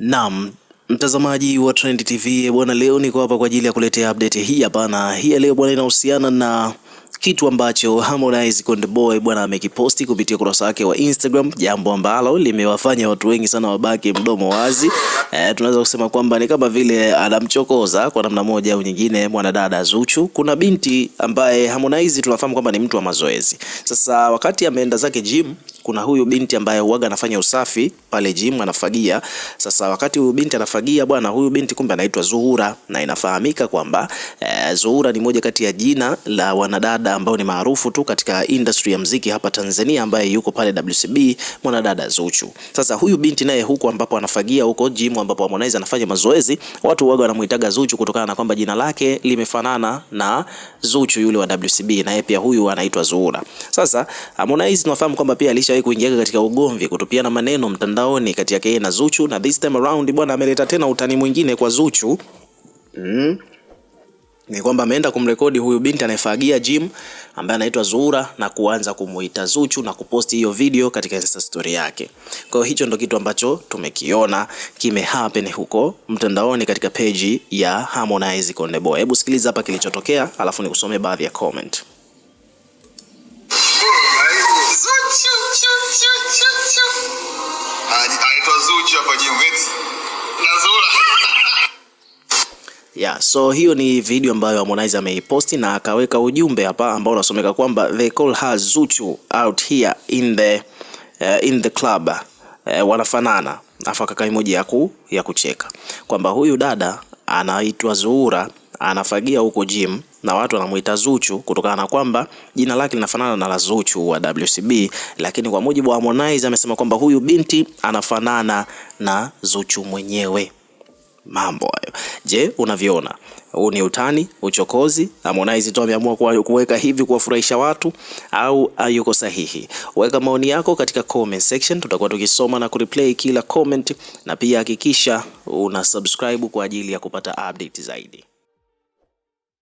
Naam, mtazamaji wa Trend TV bwana, leo niko hapa kwa ajili ya kuletea update hii hapana. Hii leo bwana inahusiana na kitu ambacho Harmonize Konde Boy bwana amekiposti kupitia ukurasa wake wa Instagram, jambo ambalo limewafanya watu wengi sana wabaki mdomo wazi. E, tunaweza kusema kwamba ni kama vile anamchokoza kwa namna moja au nyingine mwanadada Zuchu. Kuna binti ambaye Harmonize tunafahamu kwamba ni mtu wa mazoezi. Sasa wakati ameenda zake gym, kuna huyu binti ambaye huaga anafanya usafi pale gym, anafagia. Sasa wakati huyu binti anafagia bwana, huyu binti kumbe anaitwa Zuhura na inafahamika kwamba e, Zuhura ni moja kati ya jina la wanadada mwanadada ambaye ni maarufu tu katika industry ya mziki hapa Tanzania, ambaye yuko pale WCB, mwanadada Zuchu. Sasa huyu binti naye huko ambapo anafagia huko gym ambapo Harmonize anafanya mazoezi, watu waga wanamuitaga Zuchu kutokana na kwamba jina lake limefanana na Zuchu yule wa WCB, naye pia huyu anaitwa Zuhura. Sasa Harmonize tunafahamu kwamba pia alishawahi kuingia katika ugomvi, kutupiana maneno mtandaoni kati yake na Zuchu, na this time around bwana ameleta tena utani mwingine kwa Zuchu mm ni kwamba ameenda kumrekodi huyu binti anayefagia gym ambaye anaitwa Zura na kuanza kumuita Zuchu na kuposti hiyo video katika Insta story yake. Kwa hiyo hicho ndo kitu ambacho tumekiona kime happen huko mtandaoni katika peji ya Harmonize Konde Boy. Hebu sikiliza hapa kilichotokea, alafu nikusome baadhi ya comment. Zuchu, chu, chu, chu, chu. Yeah, so hiyo ni video ambayo Harmonize ameiposti na akaweka ujumbe hapa ambao unasomeka kwamba they call her Zuchu out here in the uh, in the club uh, wanafanana, afu akaweka emoji ya ku, ya kucheka kwamba huyu dada anaitwa Zuura anafagia huko gym na watu wanamuita Zuchu kutokana na kwamba jina lake linafanana na la Zuchu wa WCB, lakini kwa mujibu wa Harmonize amesema kwamba huyu binti anafanana na Zuchu mwenyewe mambo hayo. Je, unavyoona huu ni utani, uchokozi? Harmonize tu ameamua kuweka hivi kuwafurahisha watu au yuko sahihi? Weka maoni yako katika comment section, tutakuwa tukisoma na kureplay kila comment, na pia hakikisha una subscribe kwa ajili ya kupata update zaidi.